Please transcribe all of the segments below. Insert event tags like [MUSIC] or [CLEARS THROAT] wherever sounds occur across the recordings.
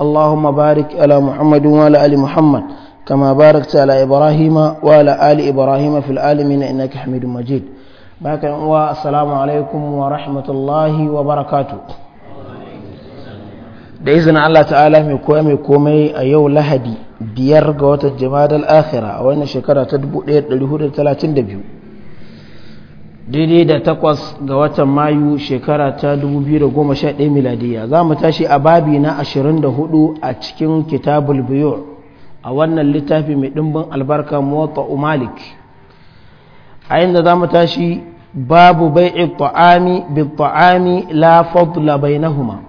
اللهم بارك على محمد وعلى آل محمد كما باركت على إبراهيم وعلى آل إبراهيم في العالمين إنك حميد مجيد بارك السلام عليكم ورحمة الله وبركاته da izinin Allah ta'ala mai koya mai komai a yau lahadi biyar ga watan jama'ar al'akhira a wannan shekara ta 1432 daidai da takwas ga watan mayu shekara ta 2011 miladiyya za mu tashi a babi na 24 a cikin kitabul biyu a wannan littafi mai ɗimbin albarka mota umalik a inda za mu tashi babu bai'i ta'ami bi ta'ami la fadla bainahuma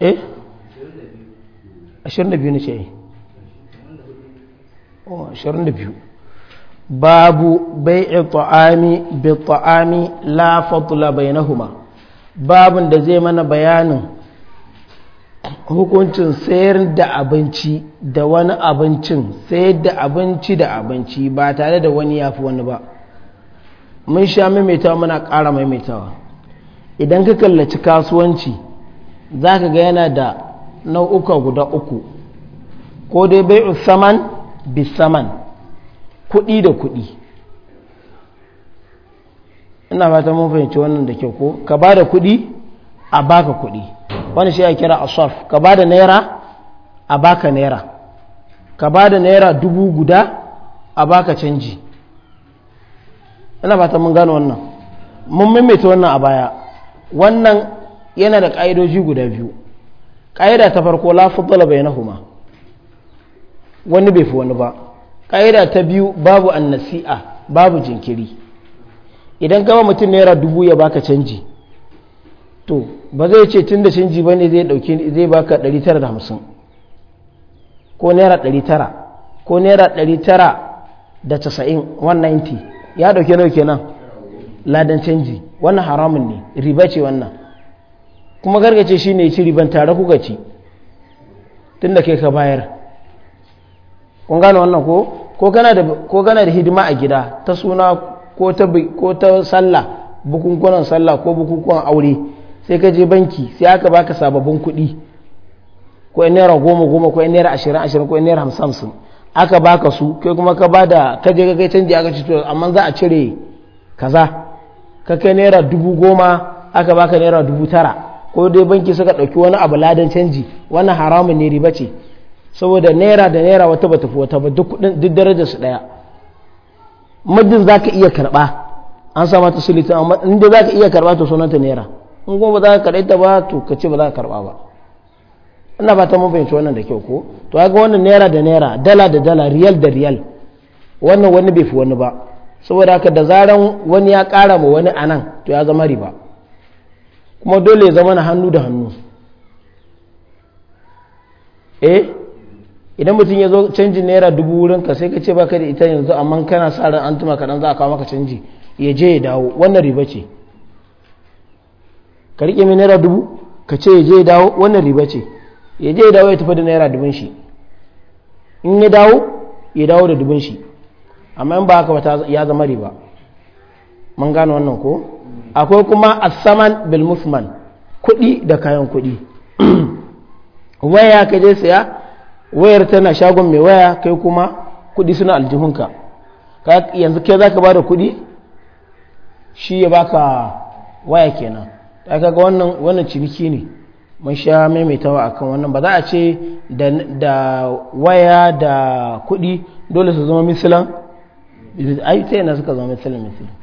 eh 22 ne ce 22 eh? babu bai ta'ami bi ta'ami la fadla bainahuma babun da zai mana bayanin hukuncin sayar da abinci da wani abincin sayar da abinci da abinci ba tare da wani ya fi wani ba mun sha maimaitawa muna ƙara maimaitawa idan ka kallaci kasuwanci za ka ga yana da nau'uka guda uku ko dai bai'u saman bi saman kuɗi da kuɗi ina fata mun fahimci wannan da kyau ko ka ba da kuɗi a baka kuɗi wani shi ya kira asaf ka ba da naira a baka naira ka ba da naira dubu guda a baka canji ina fata mun gano wannan mun maimaita wannan a baya wannan yana da ƙa'idoji guda biyu ƙa'ida ta farko la na huma wani bai fi wani ba ƙa'ida ta biyu babu annasi'a babu jinkiri idan gama mutum naira dubu ya baka canji to ba zai ce tun da canji ba ne zai ɗauki zai baka 950 ko naira 900 ko naira 990 190 ya ɗauki nawa kenan ladan canji wannan haramun ne riba ce wannan kuma gargace shi ne ci riban tare kuka ci tun da kai ka bayar kun gane wannan ko ko kana da hidima a gida ta suna ko ta sallah bukunkunan sallah ko bukunkunan aure sai ka je banki sai aka baka sababbin kuɗi ko naira goma goma ko naira ashirin ashirin ko naira hamsin aka baka su kai kuma ka bada ka je ka kai canji aka ci amma za a cire kaza ka kai naira dubu goma aka baka naira dubu tara ko dai banki suka ɗauki wani abu ladan canji wannan haramun ne riba ce saboda naira da naira wata bata fi wata ba duk darajar su daya muddin za ka iya karba an sa mata silitin amma inda za ka iya karba to sunanta naira in kuma ba za ka karɓe ta ba to ka ce ba za ka karba ba ina ba ta mun fahimci wannan da kyau ko to ga wannan naira da naira dala da dala riyal da riyal wannan wani bai fi wani ba saboda haka da zaran wani ya kara ma wani a nan to ya zama riba kuma dole ya zama na hannu da hannu eh idan mutum ya zo canjin naira dubu wurin ka sai ka ce baka da ita yanzu amma kana sa ran an tuma kaɗan za a kawo maka canji ya je ya dawo wannan riba ce ka riƙe mai naira dubu ka ce ya je ya dawo wannan riba ce ya je ya dawo ya tafi da naira dubun shi in ya dawo ya dawo da dubun shi amma in ba haka ba ya zama riba mun gane wannan ko akwai kuma asaman bil musman kuɗi da kayan kuɗi [CLEARS THROAT] waya ka je saya wayar tana shagon mai waya kai kuma kudi suna aljihunka yanzu ke za ka ba da kudi shi ya baka waya kenan ta kaga wannan wannan ciniki ne mun sha maimaitawa akan wannan ba za a ce da waya da kudi dole su zama misilan ayyuta yana suka zama misilan misilan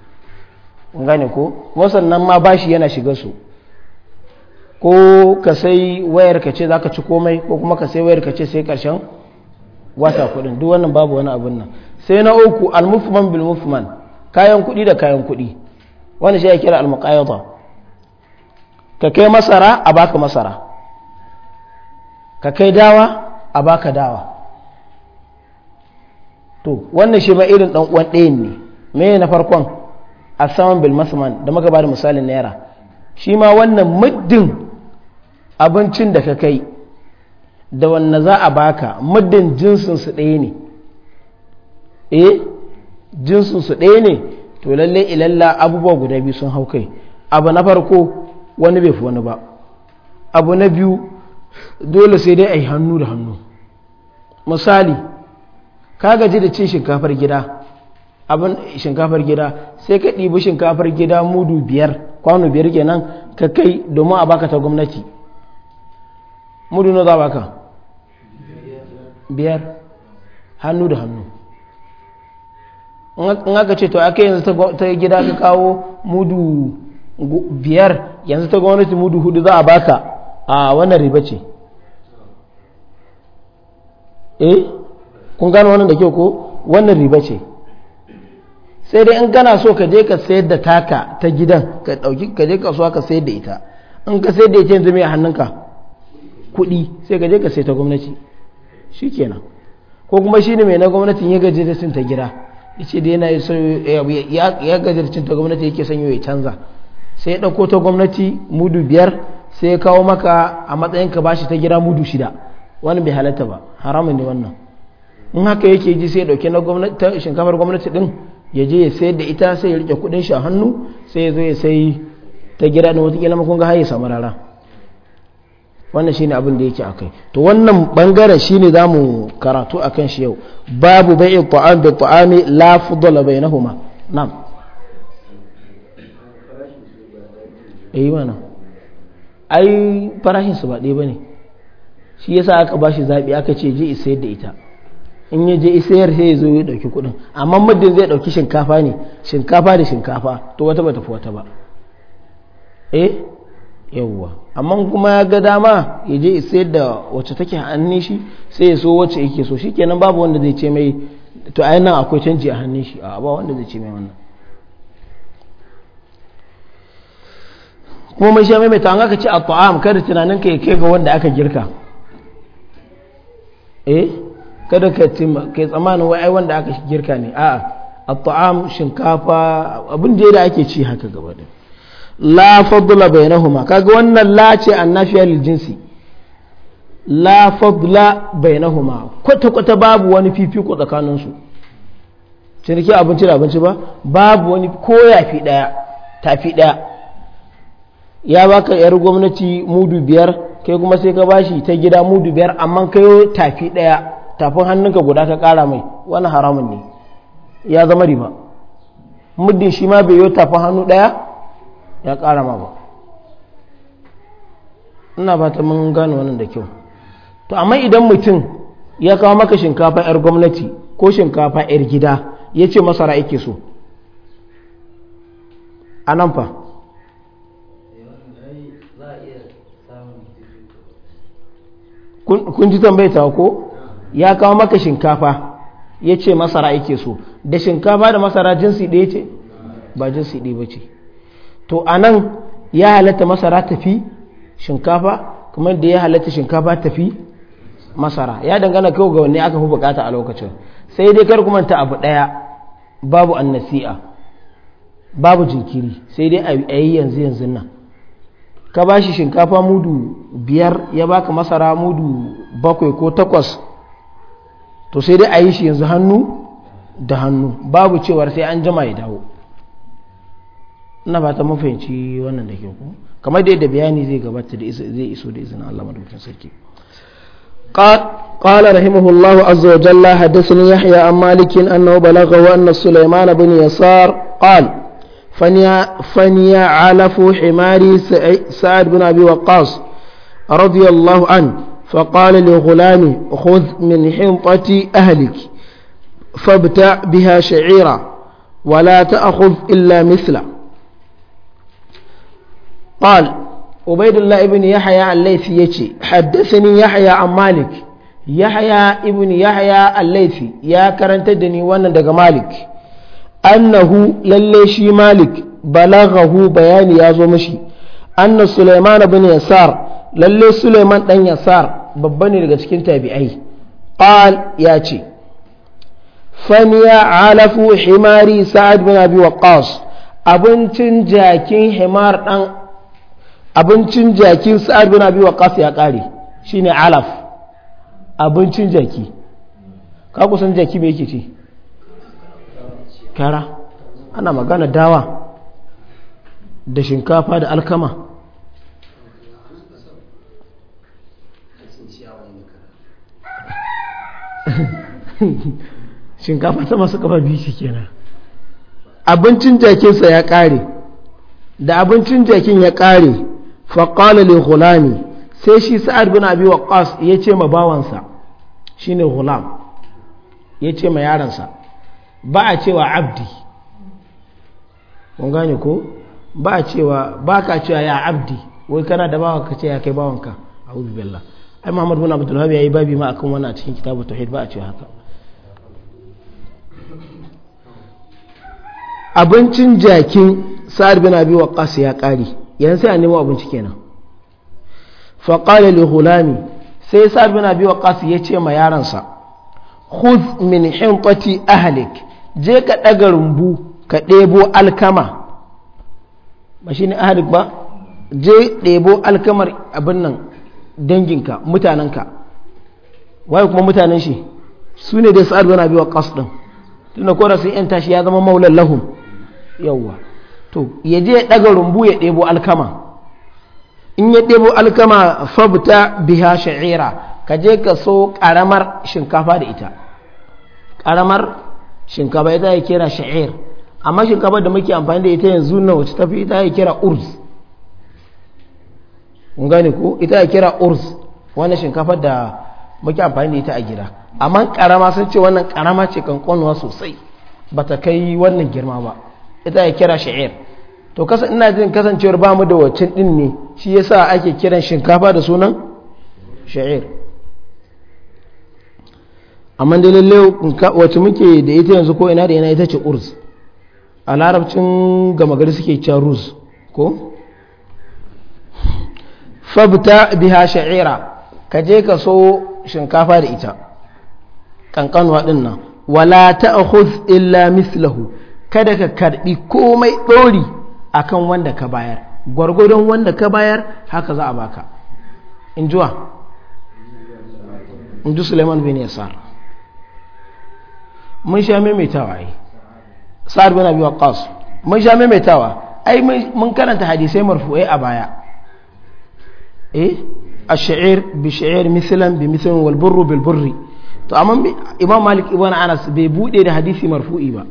gane ko wasannan ma bashi yana shiga su ko ka sai wayar ka ce za ka ci komai ko kuma ka sai wayar ka ce sai karshen wata kudin duk wannan babu wani abun nan sai na uku al-mufman bil mufman kayan kudi da kayan kudi wani shi ya kira al-muqayyada ka kai masara a baka masara ka kai dawa a baka dawa to wannan shi ba irin dan uwan ɗayan ne me na farkon asaman bil masman da muka da misalin naira shi ma wannan muddin abincin da ka kai da wanne za a baka muddin jinsinsu ɗaya ne eh jinsinsu ɗaya ne to lalle ilalla abubuwa guda biyu sun hau kai abu na farko wani bai fi wani ba abu na biyu dole sai dai a yi hannu da hannu misali ka gaji da cin shinkafar gida abin shinkafar gida sai ka ɗibi shinkafar gida mudu biyar kwano biyar kenan ka kai domin a baka ta gwamnati mudu na za ka biyar hannu da hannu in aka ce to ake yanzu ta gida ka kawo mudu biyar yanzu ta gwamnati mudu hudu za a baka a wannan riba ce eh kun gano wannan da ke ko wannan riba ce sai dai in kana so ka je ka sayar da taka ta gidan ka dauki ka je kasuwa ka sayar da ita in ka sayar da ita yanzu mai hannunka kuɗi sai ka je ka sai ta gwamnati shi kenan ko kuma shi ne mai na gwamnatin ya gaji da sun ta gira ya ce da yana ya gaji da gwamnati yake sanyo ya canza sai ya ɗauko ta gwamnati mudu biyar sai ya kawo maka a matsayin ka bashi ta gira mudu shida wani bai halatta ba haramun ne wannan in haka yake ji sai ya ɗauki na shinkafar gwamnati ɗin ya je ya sayar da ita sai ya rike kuɗin shi a hannu sai ya zo ya sayi ta gira na wata kila makon ga haye ya samu rara wannan shine abin da yake akai to wannan bangaren shine zamu karatu akan shi yau babu bai'i ta'am bi ta'ami la fudla bainahuma na'am eh mana ai farashin su ba ɗaya bane shi yasa aka bashi zaɓi aka ce je isayar da ita in ya je isayar sai ya zo ya dauki kuɗin amma muddin zai ɗauki shinkafa ne shinkafa da shinkafa to wata bata fi wata ba eh yawwa amma kuma ya ga dama ya je isai da wacce take hannun shi sai ya so wacce yake so shikenan babu wanda zai ce mai to a nan akwai canji a hannun shi a ba wanda zai ce mai wannan kuma mai sha mai ta an aka ce a ta'am kada tunanin ka ya kai ga wanda aka girka eh kada ka kai tsammanin wai ai wanda aka girka ne a'a a ta'am shinkafa abin da ake ci haka gaba ɗaya la fadla bainahuma kaga wannan la ce annafiya lil jinsi la fadla bainahuma kwata kwata babu wani fifiko tsakanin su ciniki abinci da abinci ba babu wani ko yafi daya tafi daya ya baka yar gwamnati mudu biyar kai kuma sai ka bashi ta gida mudu biyar amma kai tafi daya tafin hannunka guda ka kara mai wani haramun ne ya zama riba muddin shi ma bai yi tafin hannu daya ya ƙara ma ba ina ba ta mun gane wannan da kyau to amma idan mutum ya kawo maka shinkafa 'yar gwamnati ko shinkafa 'yar gida ya ce masara yake so a nan fa kun ji tambayta ko ya kawo maka shinkafa ya ce masara yake so da shinkafa da masara jinsi ɗaya ce ba jinsi ɗaya ba ce to a nan ya halatta masara tafi shinkafa kamar da ya halatta shinkafa tafi masara ya dangana kawai ga wanne aka fi bukata a lokacin sai dai kar kuma ta abu daya babu annasi'a babu jinkiri sai dai a yi yanzu yanzu nan ka ba shi shinkafa mudu biyar ya baka masara mudu bakwai ko takwas to sai dai a yi shi yanzu hannu da hannu babu cewar sai an jama ya dawo ina ba ta mafinci wannan da ke ku kamar dai da bayani zai gabata da zai iso da izinin Allah madaukakin sarki قال رحمه الله عز وجل حدثني يحيى عن مالك أنه بلغه أن سليمان بن يسار قال فنيا علف حماري سعد بن أبي وقاص رضي الله عنه فقال لغلامي خذ من حنطة أهلك فابتع بها شعيرا ولا تأخذ إلا مثله قال عبيد الله ابن يحيى الليثي يجي حدثني يحيى عن مالك يحيى ابن يحيى الليثي يا كرنت دني وانا دغ مالك أنه للي شي مالك بلغه بيان يا مشي أن سليمان بن يسار للي سليمان بن يسار ببني daga cikin tabi'ai قال ياتي فنيا علف حماري سعد بن أبي وقاص abincin جاكين حمار ɗan abincin jaki sa'ad bin abi waqas ya kare shine alaf abincin jaki ka kusan jaki me yake ce kara ana magana dawa da shinkafa da alkama [LAUGHS] shinkafa ta masu kafa biyu shi kenan abincin jakinsa ya kare da abincin jakin ya kare faƙala li hulami sai shi sa'ad bin abi waqqas ya ce ma bawansa shine hulam ya ce ma yaransa ba a cewa abdi kun gane ko ba a cewa ba ka cewa ya abdi wai kana da bawa ka ce ya kai bawanka a'udhu billah ai muhammad bin abdul ya yi babi ma akan wannan a cikin kitabu tauhid ba a cewa haka abincin jakin sa'ad bin abi waqqas ya kare yanzu sai a nemo abinci kenan fa qala li hulami sai sa'ad na abi waqas ya ce ma yaransa khudh min hinqati ahlik je ka daga rumbu ka ɗebo alkama ba shi ne ahlik ba je ɗebo alkamar abin nan danginka mutanenka waye kuma mutanen shi su ne dai sa'ad bin abi waqas din tunda ko da sun yanta ya zama maulan yawa. yawwa to ya je ya ɗaga rumbu ya ɗebo alkama in ya ɗebo alkama fabta biha sha'ira ka je ka so ƙaramar shinkafa da ita ƙaramar shinkafa ita ya kira sha'ir amma shinkafa da muke amfani da ita yanzu na wacce tafi ita ya kira urs gane ko ita ya kira urs wannan shinkafa da muke amfani da ita a gida amma ƙarama sun ce wannan ƙarama ce kankanuwa sosai ba ta kai wannan girma ba ita ya kira sha'ir to kasan ina jin kasancewar bamu da waccan din ne shi yasa ake kiran shinkafa da sunan sha'ir amma da lalle wacce muke da ita yanzu ko ina da yana ita ce urz a larabcin gama gari suke carus, ko fabta biha sha'ira ka je ka so shinkafa da ita kankanuwa ɗin nan wala ta illa mislahu kada ka karɓi komai ɗori akan wanda ka bayar gwargwadon wanda ka bayar haka za a baka in wa? in ji suleiman bin yasar mun sha maimaitawa ai sa'ad bin abi waqqas mun sha maimaitawa ai mun karanta hadisai marfu'ai a baya eh الشعير بشعير مثلا بمثل walburru bilburri to amma imam malik ibn anas bai bude da hadisi marfu'i ba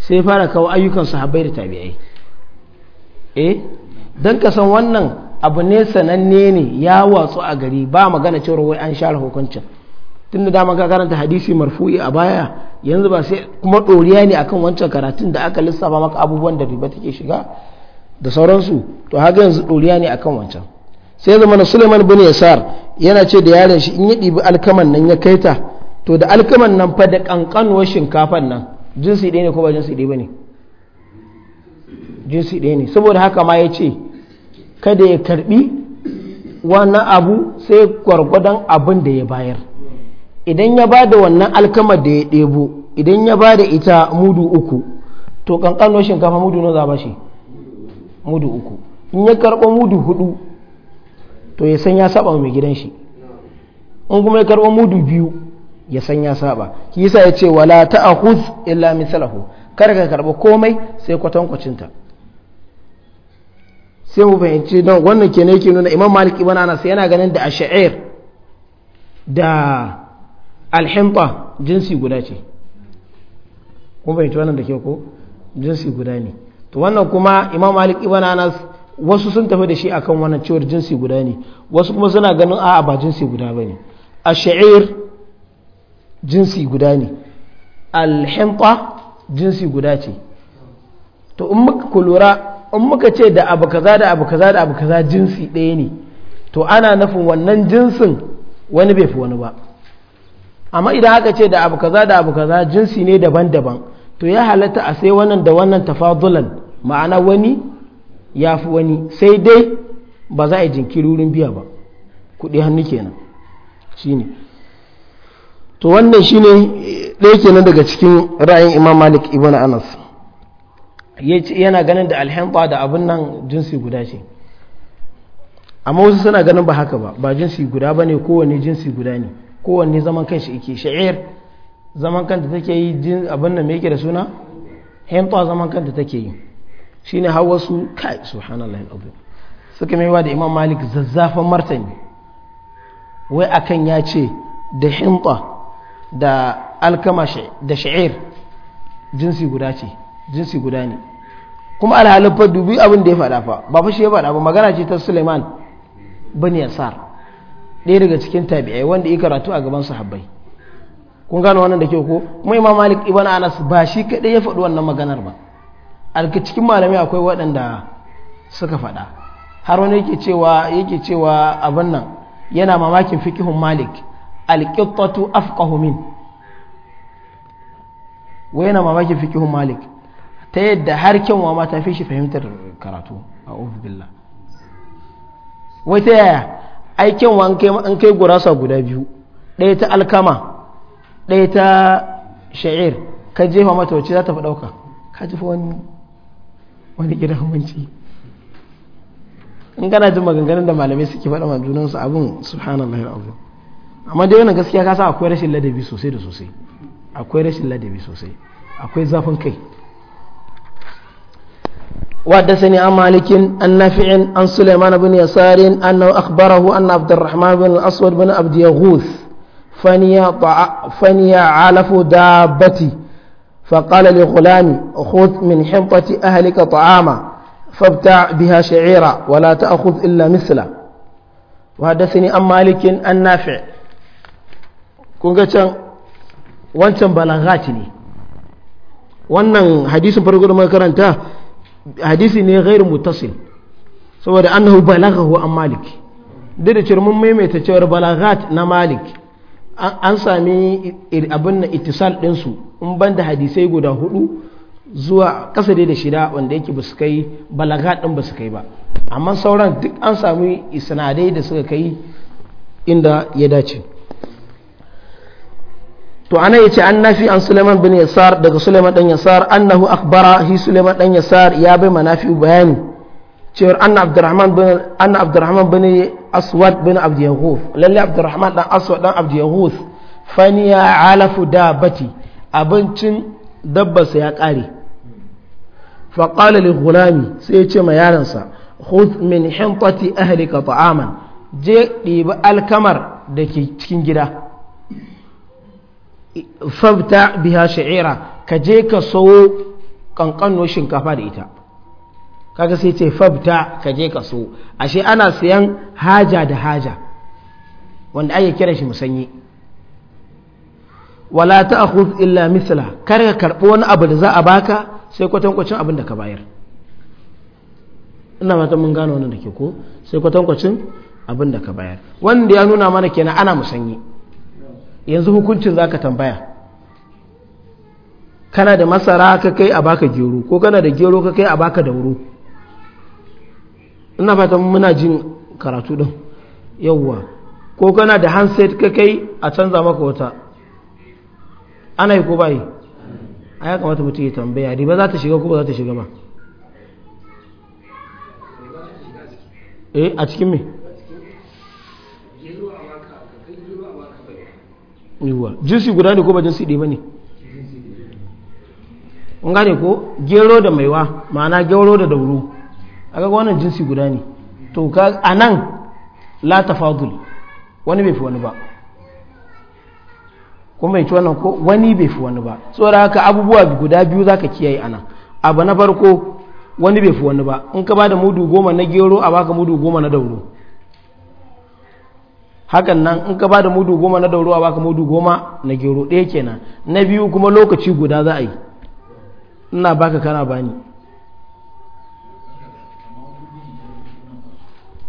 sai fara kawo ayyukan sahabbai da tabi'ai eh don ka san wannan abu ne sananne ne ya watsu a gari ba magana cewa wai an share hukuncin tun da dama ka karanta hadisi marfu'i a baya yanzu ba sai kuma ɗoriya ne akan wancan karatun da aka lissafa maka abubuwan da riba take shiga da sauransu to haka yanzu ɗoriya ne akan wancan sai zama na suleiman bin yasar yana ce da yaron shi in ya ɗibi alkaman nan ya kaita to da alkaman nan fa da ƙanƙanuwar shinkafan nan jinsi ɗaya ne ko ba jinsi ɗaya ba ne jinsi ɗaya ne saboda haka ma ya ce kada ya karbi wannan abu sai gwargwadon abin da ya bayar idan ya ba da wannan alkama da ya ɗebo idan ya ba da ita mudu uku to ƙanƙanon shinkafa mudu na zaba shi mudu uku in ya karɓo mudu hudu to ya san ya saba mai gidan shi in kuma ya karɓo mudu biyu ya san ya saba shi yasa ya ce wala ta'khudh illa mithlahu kar ka karba komai sai kwatan kwacinta sai mu fahimci don wannan ne yake nuna imam malik ibn anas yana ganin da ash'ir da alhimta jinsi guda ce kun fahimci wannan da ke ko jinsi guda ne to wannan kuma imam malik ibn anas wasu sun tafi da shi akan wannan cewar jinsi guda ne wasu kuma suna ganin a'a ba jinsi guda bane ash'ir jinsi guda ne alhinta jinsi guda ce to in muka kulura in muka ce da abu kaza da abu kaza da abu kaza jinsi ɗaya ne to ana nufin wannan jinsin wani bai fi wani ba amma idan aka ce da abu kaza da abu kaza jinsi ne daban-daban to ya halatta a sai wannan da wannan tafadulan ma'ana wani ya fi wani sai dai ba za a yi wurin biya ba kuɗi hannu kenan shine to wannan shine ɗaya kenan daga cikin ra'ayin imam malik ibn anas yana ganin da alhamba da abin nan jinsi guda ce amma wasu suna ganin ba haka ba ba jinsi guda ba ne kowane jinsi guda ne kowanne zaman kanshi ke sha'ir zaman kanta take yi abin nan me da suna hempa zaman kanta take yi shine hawa su kai subhanallahi alazim suka maiwa da imam malik zazzafan martani wai akan ya ce da hempa da alkama da sha'ir jinsi guda ce jinsi guda ne kuma alhalifa dubi abin da ya fada fa ba fashe ya faɗa ba magana ce ta Suleiman bin Yasar ɗaya daga cikin tabi'ai wanda ya karatu a gaban sahabbai kun gano wannan da ke ko kuma Imam Malik ibn Anas ba shi kaɗai ya faɗi wannan maganar ba alka cikin malami akwai waɗanda suka faɗa har wani yake cewa yake cewa abin nan yana mamakin fikihun Malik alƙittatu afqahu min wai yana mamakin fikihun malik ta yadda har kyanwa ma ta fi shi fahimtar karatu a billah wai ta yaya ai kyanwa an kai gurasa guda biyu ɗaya ta alkama ɗaya ta sha'ir ka jefa mata wacce za ta fi ɗauka ka jefa wani wani gidan manci in kana jin maganganun da malamai suke faɗa ma junansu abin subhanallah al'azim ama dai wannan gaskiya ka sa akwai rashin ladabi sosai da sosai akwai rashin ladabi sosai akwai zafin kai wadda sani an malikin an nafi'in an suleiman bin yasarin an na akbara hu an bin aswad bin abdiyahus faniya alafu da bati faƙala li gulami khut min himfati ahalika ta'ama fabta biha shi'ira wala ta akhud illa misla wadda sani an malikin an nafi'in kun ga can wancan balaghat ne wannan hadisin farko da makaranta hadisi ne ghairu mutasil saboda annahu balaghahu an malik duk da cewa mun maimaita cewar balagat na malik an sami abin na itisal ɗinsu in banda da hadisai guda hudu zuwa ƙasa da shida wanda yake ba su kai balagat ɗin ba su kai ba amma sauran duk an sami isnadai da suka kai inda ya dace to ana yace an nafi an Sulaiman bin Yasar daga Sulaiman dan Yasar annahu akhbara hi Sulaiman dan Yasar ya bai manafi bayani cewar anna Abdurrahman bin anna Abdurrahman bin Aswad bin Abd Yahuf lalle Abdurrahman dan Aswad dan Abd Yahuf faniya alafu dabati abincin dabbarsa ya kare فقال للغلام سيتي ما يارنسا خذ ahli حنطة أهلك je جي alkamar da ke cikin gida fabta biha sha'ira ka je ka sawo kankanon shinkafa da ita kaga sai ce fabta ka je ka sawo ashe ana siyan haja da haja wanda ake kira shi musanyi wala ta akhudh illa mithla kar ka karbi wani abu da za a baka sai kwatankwacin abin da ka bayar ina mata mun gano wannan da ke ko sai kwatankwacin abin da ka bayar wanda ya nuna mana kenan ana musanyi yanzu hukuncin za ka tambaya kana da masara ka kai a baka gero ko kana da gero ka kai a baka dauro ina fatan muna jin karatu din yawwa ko kana da handset ka kai a canza maka wata ana yi ko bayi a ya kamata mutum ya tambaya ba za ta shiga ko ba za ta shiga ba eh a cikin me yiwuwa jinsi guda ne ko ba jinsi ɗaya ba ne in gane ko gero da maiwa ma'ana gero da dauro a ga wannan jinsi guda ne to ka a nan lata fadul wani bai fi wani ba kuma yi ci wannan ko wani bai fi wani ba saboda haka abubuwa guda biyu za ka kiyaye nan abu na farko wani bai fi wani ba in ka ba da mudu goma na gero a baka mudu goma na dauro hakan nan in ka ba da mudu goma na dauruwa baka mudu goma na gero ɗaya kenan na biyu kuma lokaci guda za a yi ina baka kana bani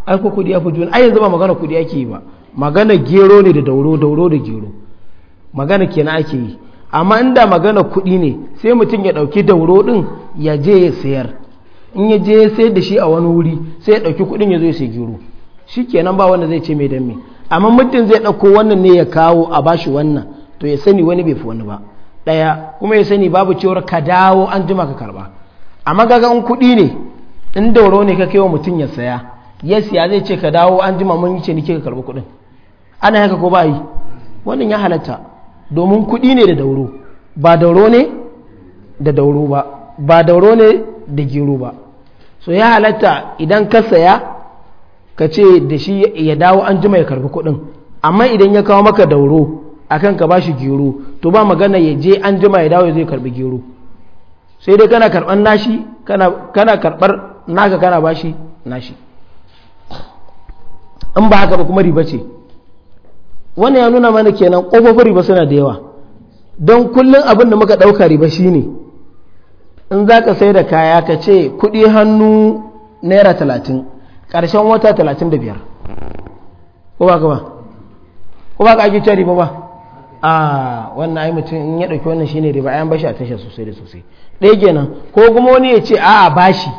ai ko kudi ya juna ai yanzu ba magana kudi ake yi ba magana gero ne da dauro dauro da gero magana kenan ake yi amma inda magana kudi ne sai mutum ya dauki dauro din ya je ya sayar in ya je ya sayar da shi a wani wuri sai ya dauki kudin ya zo ya sai gero shikenan ba wanda zai ce mai dan me amma mutum zai ɗauko wannan ne ya kawo a bashi wannan to ya sani wani bai fi wani ba ɗaya kuma ya sani babu cewar ka dawo an jima ka karba amma gaga in kuɗi ne in dauro ne ka kaiwa mutum ya saya ya siya zai ce ka dawo an jima mun yi ce ni ke ka karbi kuɗin ana haka ko ba yi wannan ya halatta domin kuɗi ne da dauro ba dauro ne da dauro ba ba dauro ne da gero ba so ya halatta idan ka saya ka ce da shi ya dawo an jima ya karbi kuɗin amma idan ya kawo maka dauro akan ka bashi gero to ba magana ya je an jima ya dawo ya zai karbi gero sai dai kana karɓar nashi kana karbar naka kana bashi nashi in ba haka ba kuma riba ce wannan ya nuna mana kenan kofofin riba suna da yawa don kullum abin da muka ɗauka riba shine in za ka sai da kaya ka ce kuɗi hannu naira talatin ƙarshen wata 35 ko ba ba ko ba ka ake cari riba ba a wannan ai mutum in ya ɗauki wannan shine riba ayan bashi a tashar sosai da sosai ɗaya kenan ko kuma wani ya ce a bashi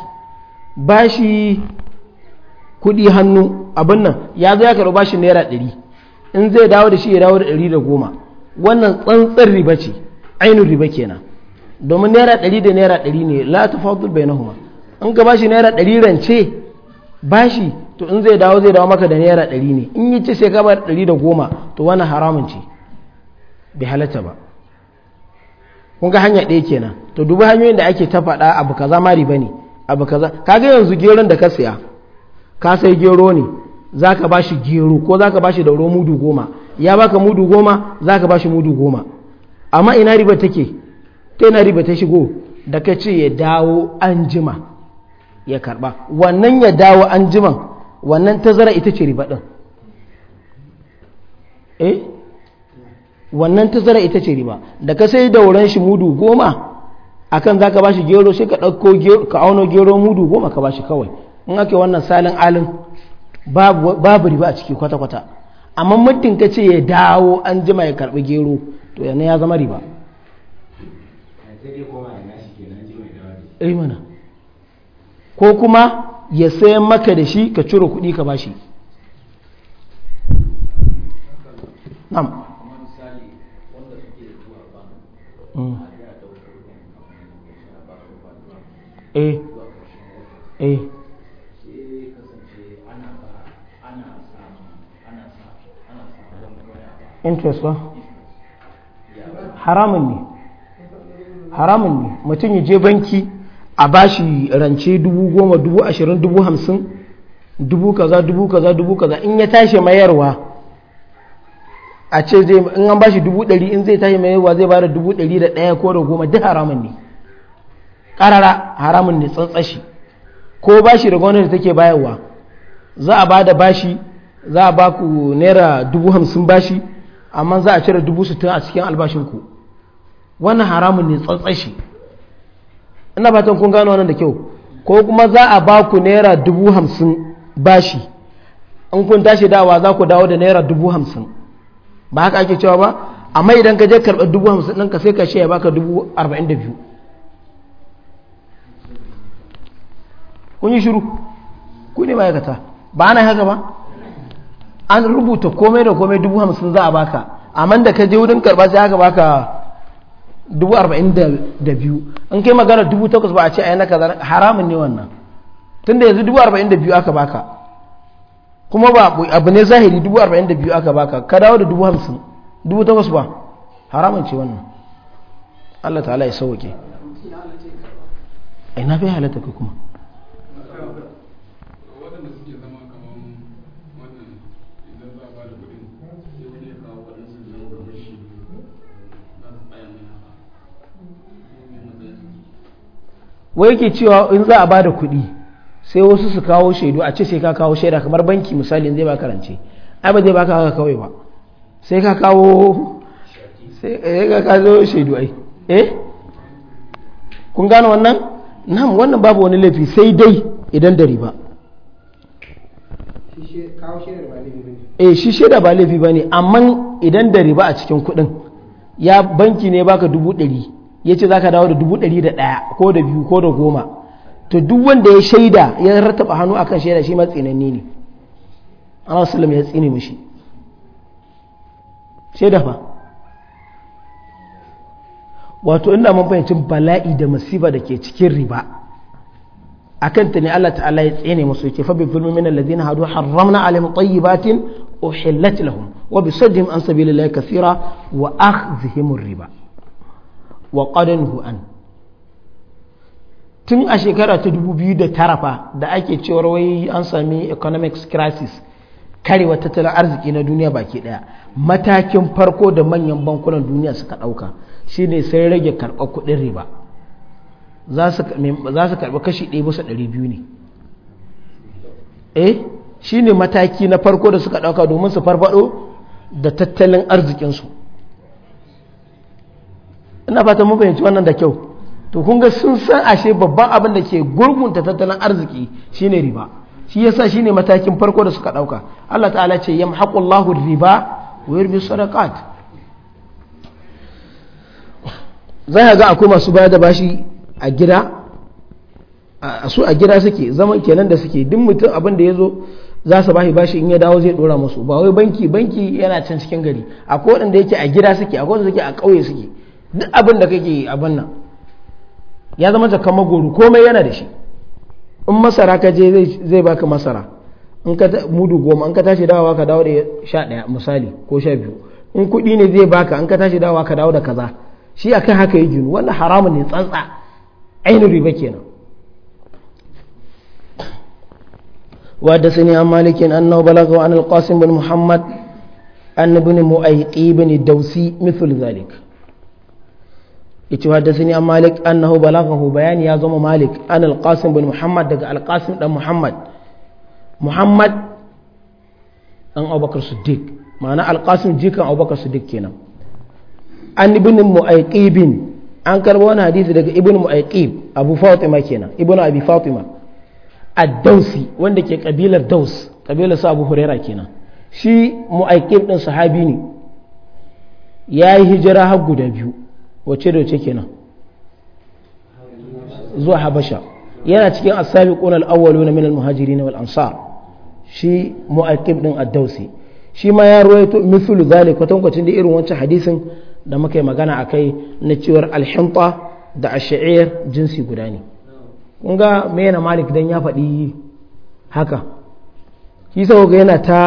bashi kuɗi hannu abin nan ya zo ya karɓi bashi naira ɗari in zai dawo da shi ya dawo da ɗari da goma wannan tsantsar riba ce ainihin riba kenan domin naira ɗari da naira ɗari ne la ta fadul bai na huma in ka bashi naira ɗari rance bashi to in zai dawo zai dawo maka da naira ɗari ne in yi ce sai ka ɗari da goma to wani haramun ce bai halatta ba kun ga hanya ɗaya kenan to dubu hanyoyin da ake ta faɗa abu kaza ma riba ne abu kaza ga yanzu geron da ka siya ka sai gero ne za ka ba shi gero ko za ka ba shi dauro mudu goma ya baka mudu goma za ka ba shi mudu goma amma ina riba take ta yana riba ta shigo da ka ce ya dawo an jima ya karba wannan ya dawo an jiman wannan tazara ita ce riba ɗin eh wannan tazara ita ce riba da ka sai dauran shi mudu goma a kan za ka ba shi gero sai ka ɗauko ka auno gero mudu goma ka ba shi kawai in ake wannan salin alin babu riba a ciki kwata-kwata amma mutum ka ce ya dawo an jima ya karbi gero to yana ya zama riba ko kuma ya sayan maka da shi ka cire kuɗi ka bashi mm. eh, eh. haramun ne mutum ya je banki a bashi rance dubu goma dubu ashirin dubu hamsin dubu kaza dubu kaza dubu kaza in ya tashi mayarwa a ce zai in an bashi dubu ɗari in zai tashi mayarwa zai bada dubu ɗari da ɗaya ko da goma duk haramun ne ƙarara haramun ne tsantsashi ko bashi da gwamnati take bayarwa za a bada bashi za a ba ku naira dubu hamsin bashi amma za a cire dubu sittin a cikin albashinku wannan haramun ne tsantsashi ina fatan kun gano wannan da kyau ko kuma za a ba ku naira dubu hamsin bashi in kun tashi dawa za ku dawo da naira dubu hamsin ba haka ake cewa ba amma idan ka je karɓar dubu hamsin ɗinka sai ka ya baka dubu arba'in da biyu kun yi shiru ku ne ma'aikata ba ana haka ba an rubuta komai da komai dubu hamsin za a baka amma da ka je wurin karɓa sai haka baka dubu arba'in da biyu in kai magana dubu takwas ba a ce a na kaza haramun ne wannan tunda yanzu dubu arba'in da biyu aka baka kuma ba abu ne zahiri dubu arba'in da biyu aka baka ka dawo da dubu hamsin dubu takwas ba haramun ce wannan Allah ta'ala ya sauke ina bai halatta kai kuma wai yake cewa in za a bada kuɗi sai wasu su kawo shaidu a ce sai ka kawo shaida kamar banki misali zai ba karance ai ba zai baka haka kawai ba sai ka kawo sai eh, ka kawo shaidu ai eh kun gano wannan nan wannan babu wani laifi sai dai idan da riba eh shi shaida ba laifi ba ne amma idan da riba a cikin kuɗin ya banki ne baka dubu ɗari ya ce za ka dawo da dubu ɗari da ɗaya ko da biyu ko da goma to duk wanda ya shaida ya rattaba hannu akan shaida shi ma tsinanni ne Allah sallam ya tsine mishi shaida fa wato ina mun fahimci bala'i da masifa da ke cikin riba akan ta ne Allah ta'ala ya tsine musu yake fa bi zulmi min alladhina hadu harramna alaihim tayyibatin uhillat lahum wa bi sadhim an sabilillahi kathira wa akhdhihim riba wa qadanuhu an tun a shekara ta 2009 fa da ake cewa wai an sami economic crisis karewa tattalin arziki na duniya baki daya matakin farko da manyan bankunan duniya suka dauka shine sai rage karɓar kuɗin riba za su karɓi kashi 1 bisa 200 ne eh shine mataki na farko da suka dauka domin su farfado da tattalin arzikinsu ina fata mun fahimci wannan da kyau to kun ga sun san ashe babban abin da ke gurgunta tattalin arziki shine riba shi yasa shine matakin farko da suka dauka Allah ta'ala ce yamhaqullahu riba wa yurbi sadaqat za ga akwai masu bayar da bashi a gida a su a gida suke zaman kenan da suke duk mutum abin da ya zo za su bashi bashi in ya dawo zai dora musu ba wai banki banki yana can cikin gari akwai waɗanda yake a gida suke akwai waɗanda suke a ƙauye suke duk abin da kake abin nan ya zama jaka magoro komai yana da shi in masara ka je zai baka masara in ka mudu goma in ka tashi dawowa ka dawo da sha ɗaya misali ko sha biyu in kuɗi ne zai baka in ka tashi dawowa ka dawo da kaza shi a kan haka yi ginu wannan haramun ne tsantsa ainihin riba kenan وحدثني عن مالك أنه بلغه عن القاسم بن محمد أن بن مؤيقي بن الدوسي مثل ذلك yace haddathani an malik annahu balaghahu bayani ya zama malik an alqasim bin muhammad daga alqasim dan muhammad muhammad dan abubakar siddiq ma'ana alqasim jikan abubakar siddiq kenan an ibn mu'aqibin an karbo wani hadisi daga ibn mu'aqib abu fatima kenan ibn abi fatima ad-dausi wanda ke kabilar daus kabilar su abu huraira kenan shi mu'aqib din sahabi ne ya yi hijira har guda biyu wace da wace kenan zuwa habasha yana cikin asabi sabiquna al-awwaluna min al-muhajirin wal ansar shi mu'aqib din ad-dausi shi ma ya ruwaito mithlu zalik kwatankwacin da irin wancan hadisin da muka yi magana akai na cewar al da ash jinsi guda ne kun ga mena malik dan ya faɗi haka shi ga yana ta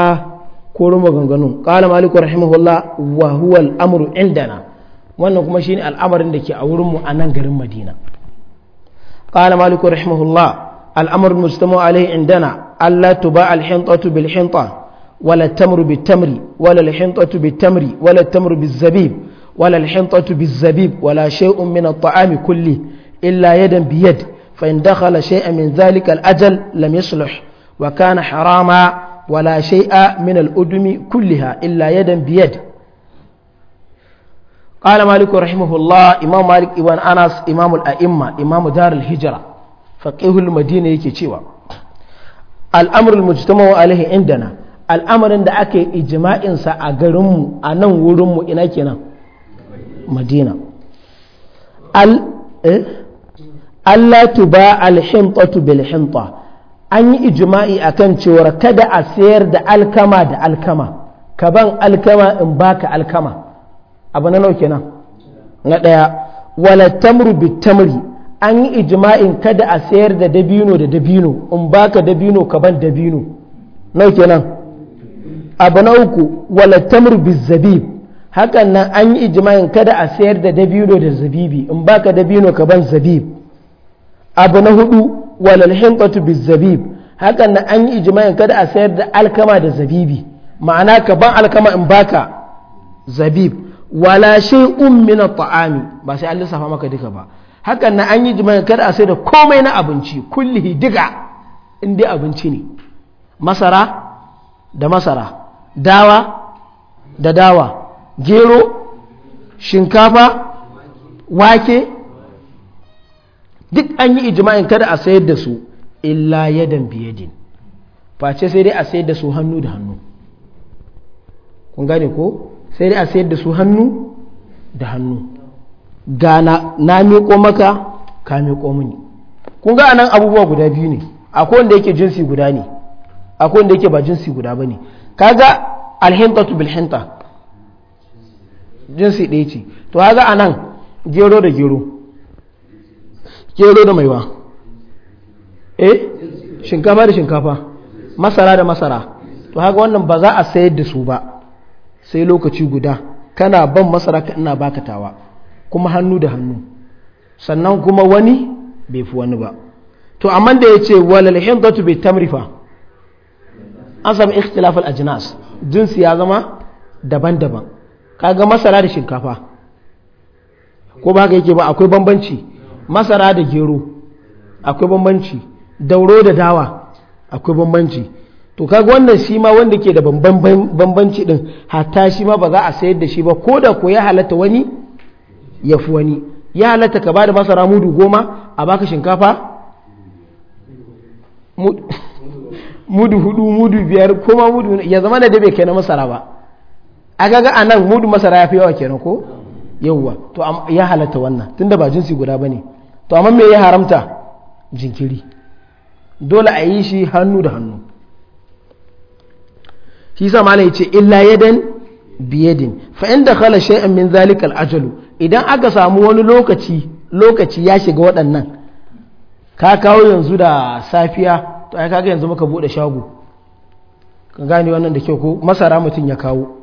koro maganganun qala malik rahimahullah wa huwa al-amru indana wannan kuma shine al'amarin da ke a wurin mu a nan garin Madina qala malik rahimahullah al'amr mustamu alaihi indana alla tuba al-hintatu bil hinta wala al-tamru bit tamri wala al-hintatu bit wala al-tamru biz zabib wala al-hintatu zabib wala shay'un min at-ta'ami kulli illa yadan bi yad fa in dakhala shay'an min dhalika ajal lam yuslih wa kana harama ولا شيء من udumi كلها إلا يدا بيد قال مالك رحمه الله إمام مالك ابن أنس إمام الأئمة إمام دار الهجرة فقيه المدينة يكي تشيوا الأمر المجتمع عليه عندنا الأمر عند أكي إجماع إنسا أقرم أنا ورم إنا كنا مدينة ال إيه؟ ألا تباع الحنطة بالحنطة an yi ijima'i a kan cewar kada a sayar da alkama da alkama ka ban alkama in baka alkama abu na nauke nan na ɗaya wala tamru bi tamri an yi ijma'in kada a sayar da dabino da dabino in baka dabino ka ban dabino nauke nan abu na uku wala tamru bi zabib hakan nan an yi ijma'in kada a sayar da dabino da zabibi in baka dabino ka ban zabib abu na hudu walal hinqatu bi zabib hakan nan an yi ijma'in kada a sayar da alkama da zabibi ma'ana ka ban alkama in baka zabib wala shay'un ummina taami ba sai an lissafa maka duka ba hakan na an yi jima'i kada a sai da komai na abinci kullihi duka in abinci ne masara da masara dawa da dawa gero shinkafa wake duk an yi ijima'in kada a sayar da su illa yadan biyadin face sai dai a sayar da su hannu da hannu kun gane ko sai dai a sayar da su hannu da hannu ga na miƙo maka ka miƙo mini kun ga anan abubuwa guda biyu ne akwai wanda yake jinsi guda ne akwai wanda yake ba jinsi guda ba ne ga alhinta bil bilhinta jinsi ɗaya ce to a anan gero da gero gero da maiwa eh shinkafa da shinkafa masara da masara to haka wannan ba za a sayar da su ba sai lokaci guda kana ban masara ka ina baka tawa kuma hannu da hannu sannan kuma wani bai fi wani ba to amma da ya ce walal hindatu bai tamrifa an sami ikhtilafal jinas jinsi ya zama daban-daban kaga masara da shinkafa ko ba ka yake ba akwai bambanci masara da gero akwai bambanci dauro da dawa akwai bambanci to kaga wannan shi ma wanda ke da bambanci din hatta shi ma ba za a sayar da shi ba ko da ko ya halatta wani ya fi wani ya halatta ka ba da masara mudu goma a baka shinkafa [LAUGHS] mudu hudu mudu biyar kuma mudu ya zama da dabe kenan masara ba a gaga a nan mudu masara ya fi yawa kenan ko yawwa to ya halatta wannan tunda ba jinsi guda ba ne to amma me ya haramta jinkiri dole a yi shi hannu da hannu shi sa malam ce illa yadan biyadin fa in dakhala shay'an min zalikal ajalu idan aka samu wani lokaci lokaci ya shiga waɗannan ka kawo yanzu da safiya to ai kaga yanzu muka bude shago ka gane wannan da kyau ko masara mutum ya kawo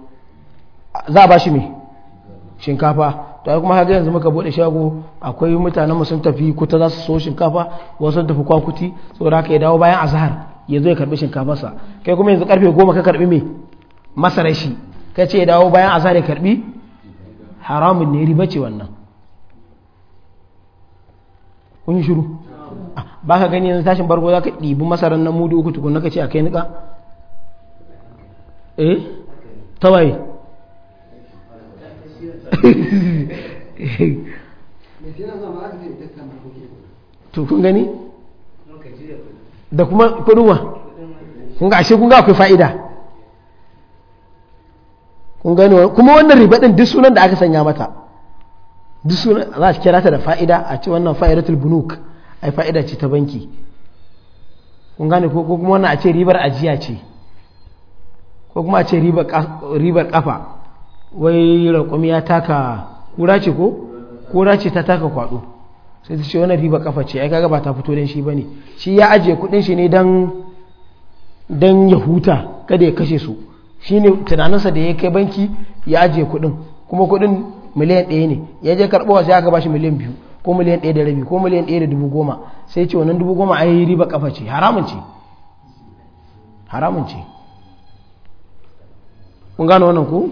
za a ba shi me shinkafa to ai kuma kaga yanzu muka bude shago akwai mutanen mu sun tafi kuta za su so shinkafa wasu sun tafi kwakuti saboda haka ya dawo bayan azhar ya zo ya karbi shinkafarsa kai kuma yanzu karfe goma ka karbi mai masarar shi ka ce dawo bayan a zane karbi haramun ne riba ce wannan kun yi shiru ba ka gani yanzu tashin bargo za ka ɗibi masarar nan mudu uku tukun ka ce a kai nika eh tawaye [LAUGHS] tukun gani da kuma kuduwa wa kun ga ashe kun ga akwai fa'ida kun kuma wannan riba din duk sunan da aka sanya mata duk sunan za su kira ta da fa'ida a ce wannan fa'idatul bunuk ai fa'ida ce ta banki kun gane ko kuma wannan a ce ribar ajiya ce ko kuma a ce ribar kafa wai raƙumi ya taka kura ce ko kura ce ta taka kwado sai ta ce wani riba kafa ce ai kaga ba ta fito don shi ba ne shi ya ajiye kudin shi ne don ya huta kada ya kashe su shine tunaninsa da ya kai banki ya ajiye kudin kuma kudin miliyan ɗaya ne ya je karɓo ya gaba bashi miliyan biyu ko miliyan ɗaya da rabi ko miliyan ɗaya da dubu goma sai ce wannan dubu goma ai riba kafa ce haramun ce haramun ce kun gano wannan ku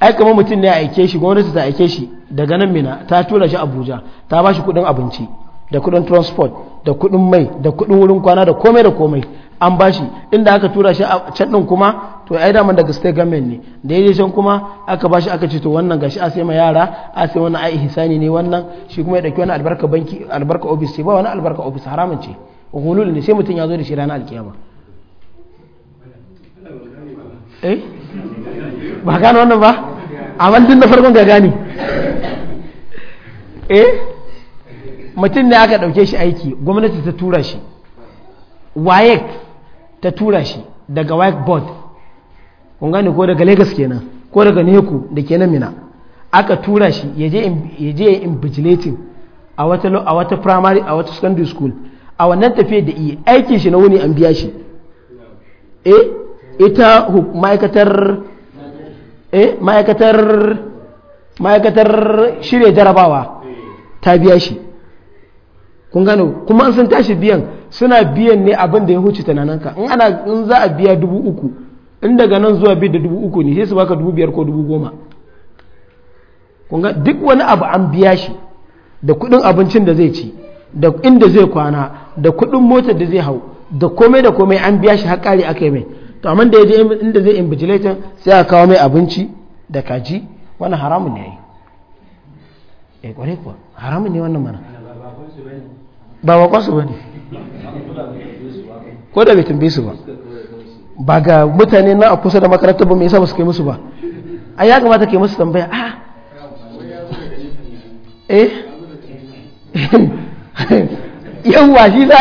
ai kamar mutum ne a aike shi gwamnati ta aike shi daga nan mina ta tura shi abuja ta ba shi kudin abinci da kudin transport da kudin mai da kudin wurin kwana da komai da komai an ba shi inda aka tura shi a can din kuma to ai daman daga state government ne da yaje can kuma aka ba shi aka ce to wannan gashi a sai ma yara a sai wannan ai ihsani ne wannan shi kuma ya dauki wani albarka banki albarka office ce ba wani albarka office haramun ce hulul ne sai mutum ya zo da shi ranar alkiyama eh ba gane wannan ba amma tun da farkon ga gane eh mutum ne aka ɗauke shi aiki gwamnati ta tura shi wayek ta tura shi daga board kun gane ko daga lagos kenan ko daga neku da kenan mina aka tura shi ya je invigilatin a wata a wata primary a wata secondary school a wannan tafiyar da iya aikin shi na wuni an biya shi eh ita ma'aikatar eh ma'aikatar ma'aikatar shirya jarabawa ta biya shi kun gano kuma an sun tashi biyan suna biyan ne abin da ya huce tunaninka in ana in za a biya dubu uku in daga nan zuwa biyar da dubu uku ne sai su baka dubu biyar ko dubu goma kun duk wani abu an biya shi da kuɗin abincin da zai ci da inda zai kwana da kuɗin motar da zai hau da komai da komai an biya shi har ƙari aka yi mai to amma da ya je inda zai invigilator sai a kawo mai abinci da kaji wannan haramun ne yayi eh kware kuwa haramun ne wannan mana ba bakon su bane ko da bai bisu ba ba ga mutane na a kusa da makaranta ba mai yasa ba su kai musu ba ai ya kamata kai musu tambaya ah eh [LAUGHS] yawwa shi za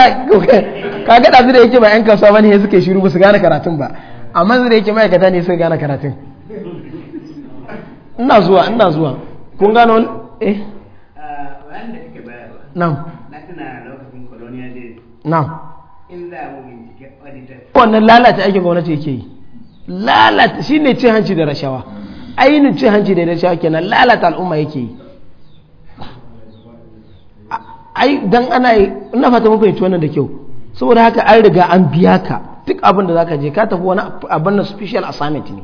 ka ga ɗazu da yake ba 'yan kasuwa ba ne ya suke shiru ba su gane karatun ba amma da yake ma'aikata ne suka gane karatun ina zuwa ina zuwa kun gano wani eh bayan da kake bayarwa na tana lokacin colonial days na in za mu bincike auditor wannan lalata aikin gwamnati yake yi lalata shine cin hanci da rashawa ainihin cin hanci da rashawa kenan lalata al'umma yake yi ai dan ana yi ina fata mun fahimci wannan da kyau saboda haka an riga an biya ka duk abin da zaka je ka tafi wani abin na special assignment ne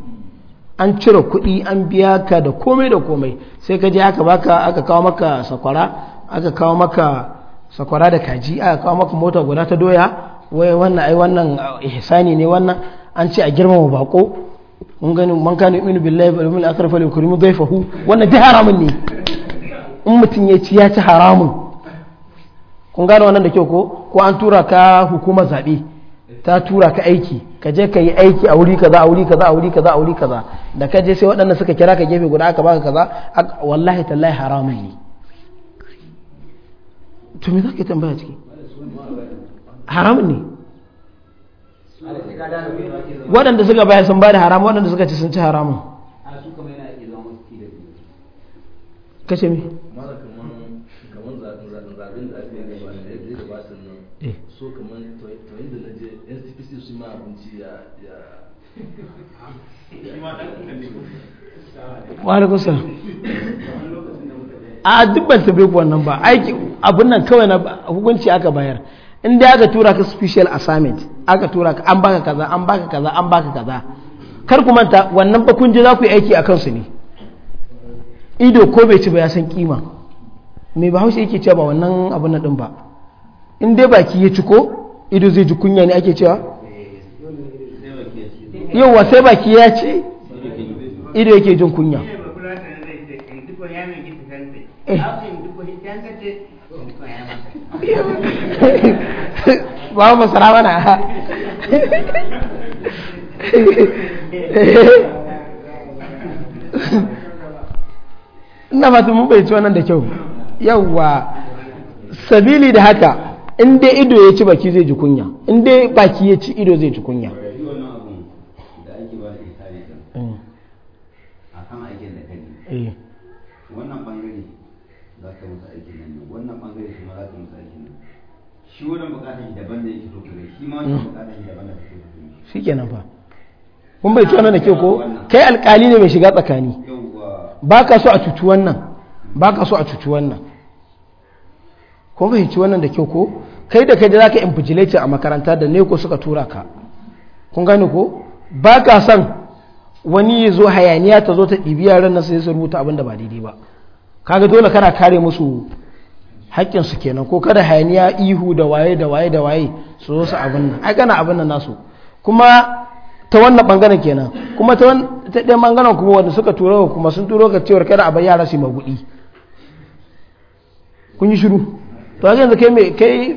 an cire kuɗi an biya ka da komai da komai sai ka je aka baka aka kawo maka sakwara aka kawo maka sakwara da kaji aka kawo maka mota guda ta doya wai wannan ai wannan ihsani ne wannan an ce a girmama bako mun gani man kana yu'minu billahi wal yawmil akhir falyukrim dhayfahu wannan da haramun ne in mutun ya ci ya ci haramun kun gano wannan da kyau ko ko an tura ka hukumar zaɓe ta tura ka aiki ka je ka yi aiki a wuri kaza a wuri kaza a wuri kaza a wuri kaza da ka je sai waɗanda suka kira ka gefe guda aka baka kaza wallahi tallahi haramun ne to me zaka tambaya ciki haramun ne waɗanda suka bayar sun bada haramun waɗanda suka ci sun ci haramun kashe me walakusa a duk ban wannan ba aiki abin nan kawai na hukunci aka bayar inda aka tura ka special assignment aka tura ka an baka kaza an baka kaza an baka kaza kar ku manta wannan ba kun je za ku yi aiki a kansu ne ido ko bai ci ba ya san kima me ba hausa yake cewa ba wannan abin nan din ba in dai baki ya ci ko ido zai ji kunya ne ake cewa yauwa sai baki ya ci ido yake jin kunya eh. ba mu sara mana ina fata mu bai ci wannan da kyau yawwa sabili da haka in dai ido ya ci baki zai ji kunya in dai baki ya ci ido zai ji kunya shi wannan bukatar shi daban da yake shi ma wannan hmm. bukatar shi daban da yake shi kenan fa kun bai tona da ke ko kai alkali ne mai shiga tsakani ba ka so a cuci wannan ba ka so a cuci wannan kun fahimci wannan da kyau ko kai da kai da za ka infiltrate a makaranta da ne ko suka tura ka kun gane ko ba ka son wani ya zo hayaniya ta zo ta ɗibi ranar sai su rubuta abin da ba daidai ba kaga dole kana kare musu haƙƙin su kenan ko kada hayaniya ihu da waye da waye da waye su zo su abin nan ai kana abin nan nasu kuma ta wannan bangaren kenan kuma ta ta ɗayan bangaren kuma wanda suka turo kuma sun turo ka cewar kada a bar yara su maguɗi kun yi shiru to a yanzu kai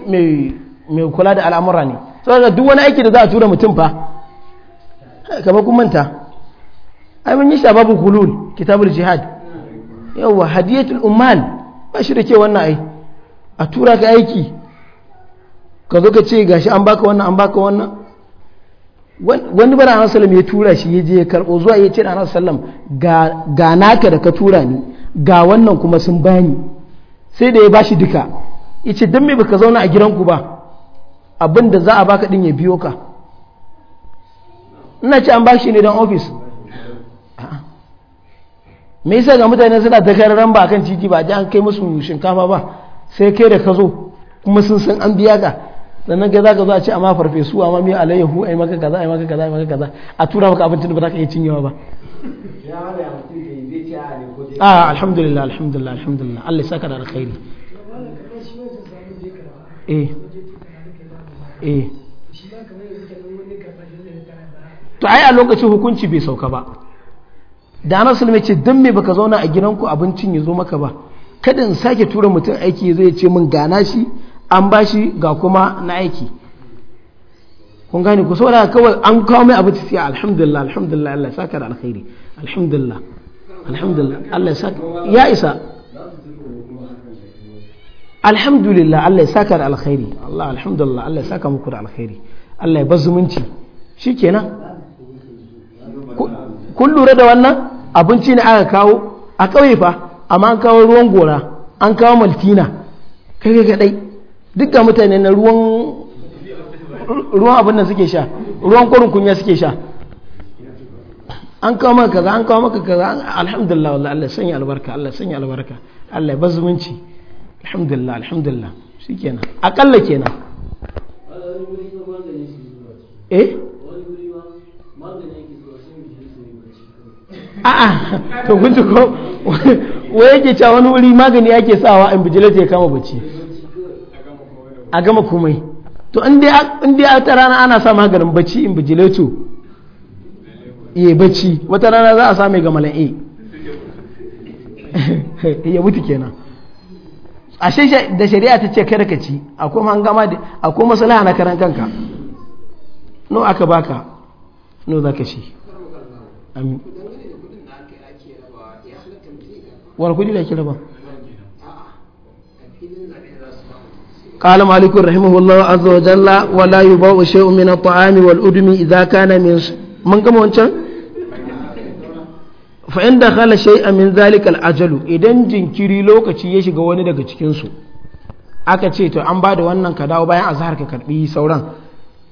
mai mai kula da al'amura ne saboda duk wani aiki da za a tura mutum fa kamar kun manta ai mun yi shi babu hulul kitabul jihad yawa hadiyatul umman ba shi da ke wannan ai a tura ka aiki ka zo ka ce ga shi an baka wannan an baka wannan wani bara ana salam ya tura shi ya je ya karɓo zuwa ya ce da ana salam ga naka da ka tura ni ga wannan kuma sun bani sai da ya bashi duka ya ce don me baka zauna a gidanku ba abin da za a baka din ya biyo ka ina ce an bashi ne don ofis me yasa ga mutane suna ta kararran ba kan titi ba ji an kai musu shinkafa ba sai kai da ka zo kuma sun san an biya ka sannan za ka zo a ce amma farfesu amma mai alayyahu yi maka gaza ai maka gaza ai maka gaza a tura maka abincin da ba za ka iya cinyewa ba ah, a alhamdulillah alhamdulillah alhamdulillah Allah ya saka da alkhairi eh eh to ai a lokacin hukunci bai sauka ba da anasul mai ce don me baka zauna a gidanku abincin ya zo maka ba kadin sake tura mutum aiki zai ce min gana shi an bashi ga kuma na aiki kun gani ku saboda kawai an kawo mai abu siya alhamdulillah alhamdulillah Allah ya saka da alkhairi alhamdulillah alhamdulillah Allah ya saka ya isa alhamdulillah Allah ya saka da alkhairi Allah alhamdulillah Allah ya saka muku da alkhairi Allah ya bazumunci shikenan kun lura da wannan abinci ne aka kawo a kawai fa amma an kawo ruwan gora an kawo maltina kai kadai dukkan mutane na ruwan ruwan abin nan suke sha ruwan kwarin kunya suke sha an kawo maka an kawo maka kaza alhamdulillah wallahi Allah sanya albarka Allah sanya albarka Allah ba zumunci alhamdulillah alhamdulillah shikenan akalla kenan eh a'a to kun ko wai yake cewa wani wuri magani yake sawa in bijilata ya kama bacci a gama komai to in dai ta rana ana sa maganin bacci in bijilato ya bacci wata rana za a sa mai gamalan a ya mutu kenan ashe da shari'a ta ce kada ka ci akwai hangama da akwai maslaha na karan kanka no aka baka no za ka ci amin wani kudi da ke rabon قال مالك رحمه الله عز وجل ولا يباع شيء من الطعام والأدم إذا كان من من كم فإن دخل شيء من ذلك الأجل إذن جنكري لوكا تشيش غواني دك تشكنسو aka ce to an bada wannan ka dawo bayan azhar ka karbi sauran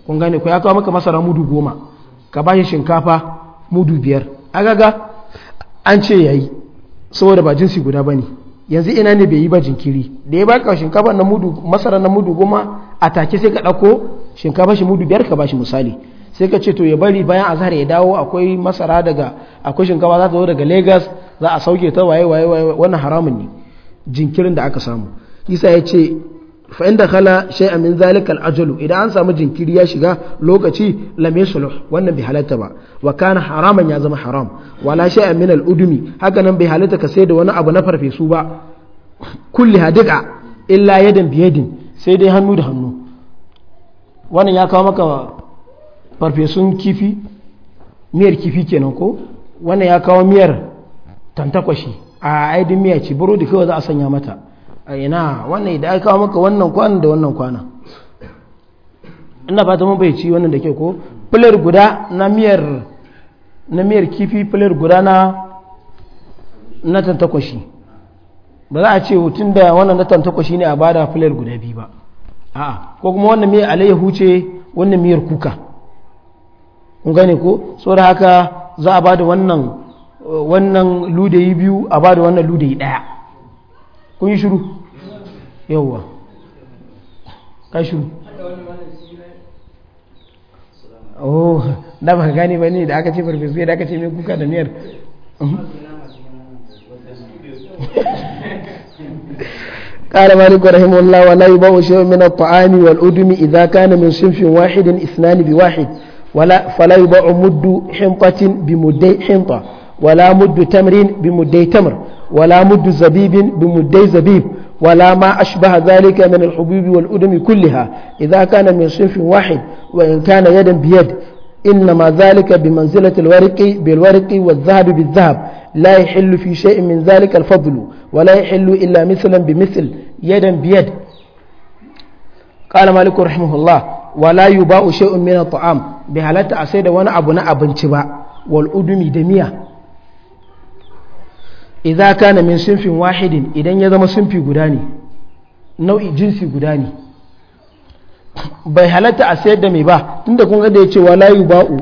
kun gane ko ya kawo maka masara mudu goma ka bashi shinkafa mudu biyar agaga an ce yayi saboda ba jinsi guda ba ne yanzu ina ne bai yi ba jinkiri da ya baka shinkafa na mudu masara na mudu goma a take sai ka ɗauko shinkafa shi mudu biyar ka bashi misali sai ka ce to ya bari bayan a zahar ya dawo akwai masara daga akwai shinkafa za ta zo daga Lagos za a sauke ta waye waye wannan haramun ne jinkirin da aka samu isa ya ce fa inda khala shay'an min zalikal ajalu idan an samu jinkiri ya shiga lokaci lam yasluh wannan bai halatta ba wa kana haraman ya zama haram wala shay'an min al udumi haka nan bai halatta ka sai da wani abu na farfesu ba kulli hadika illa yadan biyadin sai dai hannu da hannu wannan ya kawo maka farfesun kifi miyar kifi kenan ko wannan ya kawo miyar tantakwashi a aidin miya ce burodi kawai za a sanya mata a ina wannan idan aka maka wannan kwanan da wannan kwanan ina fata mun bai ci wannan da ke ko filar guda na miyar na miyar kifi filar guda na na tantakwashi ba za a ce hutun da wannan na tantakwashi ne a bada filar guda biyu ba a'a ko kuma wannan miyar alayyahu ce wannan miyar kuka kun gane ko da haka za a bada wannan wannan ludayi biyu a bada wannan ludayi daya kun yi shiru yawwa ka oh da ba ba ne da aka ce farfesu da aka ce mai kuka da miyar قال مالك رحمه الله ولا يباع شيء من الطعام والأدم إذا كان من صنف واحد اثنان بواحد ولا فلا يباع مد حنطة بمدي حنطة ولا مد تمر بمدي تمر ولا مد زبيب بمدي زبيب ولا ما أشبه ذلك من الحبوب والأدم كلها إذا كان من صنف واحد وإن كان يدا بيد إنما ذلك بمنزلة الورق بالورق والذهب بالذهب لا يحل في شيء من ذلك الفضل ولا يحل إلا مثلا بمثل يدا بيد قال مالك رحمه الله ولا يباع شيء من الطعام بهلت أسيد وأنا أبنا أبنتبا والأدم دمية idza kana min sinfin wahidin idan ya zama sinfi guda ne nau'i jinsi guda ne bai halatta a sayar da mai ba tunda kun ga da yace wala yuba'u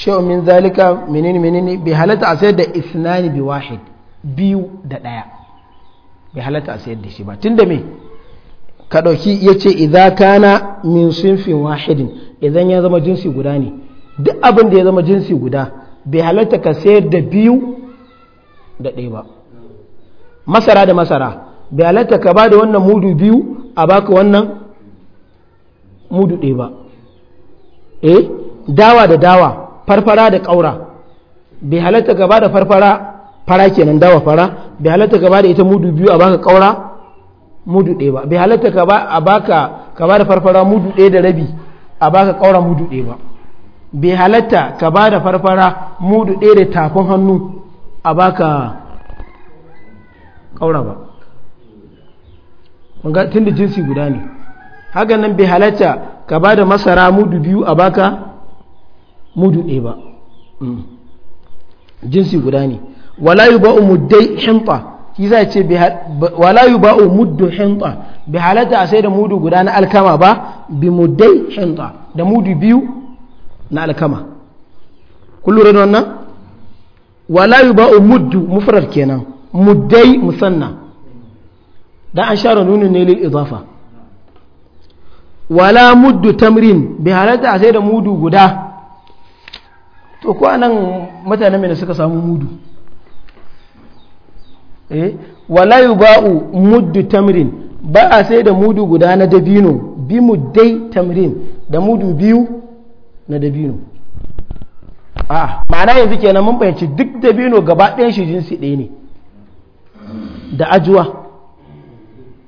shay'un min zalika menene menene bai halatta a sayar da isnani bi wahid biyu da daya bai halatta a sayar da shi ba tunda me ka dauki yace idza kana min sinfin wahidin idan ya zama jinsi guda ne duk abin da ya zama jinsi guda bai halatta ka sayar da biyu da ɗaya ba masara da masara bai halatta ka ba da wannan mudu biyu a baka wannan mudu ɗaya ba e dawa da dawa farfara da ƙaura bai halatta ka ba da farfara fara kenan dawa fara bai halatta ka ba da ita mudu biyu a baka ƙaura mudu ɗaya ba bai halatta ka ba a baka ka ba da farfara mudu ɗaya da rabi a baka ƙaura mudu ɗaya ba bai halatta ka ba da farfara mudu ɗaya da tafin hannu a baka ƙaura ba tun da jinsi guda ne hakan nan bai halatta ka ba da masara mudu biyu a baka mudu ɗaya ba mm. jinsi guda ne walayu ba ba'u muddai himfa shi za ce walayu yi ba'u muddu bai halatta a sai da mudu guda na alkama ba bi muddai himfa da mudu biyu na alkama kullum da wannan walayu ba ba'u muddu mufrad kenan muddai musanna da an share nunin ne lil idafa wala muddu tamrin bi halatta a sai da mudu guda to ko anan mutanen mai suka samu mudu eh wala yuba'u muddu tamrin ba a sai da mudu guda na dabino bi muddai tamrin da mudu biyu na dabino a ma'ana yanzu kenan mun fahimci duk dabino gaba ɗayan shi jinsi ɗaya ne da ajuwa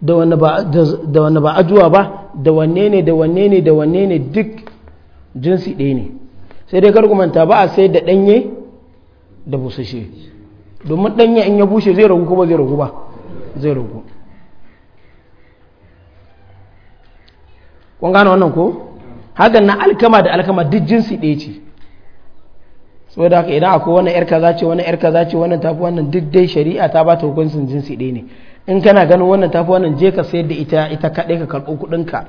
da wanne ba ajuwa ba da wanne ne da wanne ne da wanne ne duk jinsi ɗaya ne sai dai karkumanta ba a sai da ɗanye da busashe domin ɗanye in ya bushe zai ragu ko ba zai ragu ba zai ragu kun gane wannan ko hagan na alkama da alkama duk jinsi ɗaya ce da haka idan akwai wannan yar kaza ce wannan yar kaza ce wannan tafi wannan duk dai shari'a ta ba ta hukuncin jinsi ɗaya ne in kana ganin wannan tafi wannan je ka sayar da ita ita kaɗai ka karɓo kuɗin ka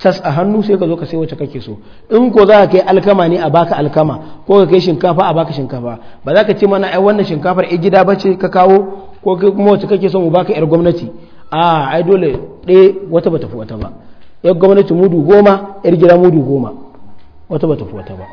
tas a hannu sai ka zo ka sai wacce kake so in ko za ka kai alkama ne a baka alkama ko ka kai shinkafa a baka shinkafa ba za ka ce mana ai wannan shinkafar ai gida bace ka kawo ko kai kuma wacce kake so mu baka yar gwamnati a ai dole ɗaya wata ba tafi wata ba yar gwamnati mudu goma yar gida mudu goma wata ba tafi wata ba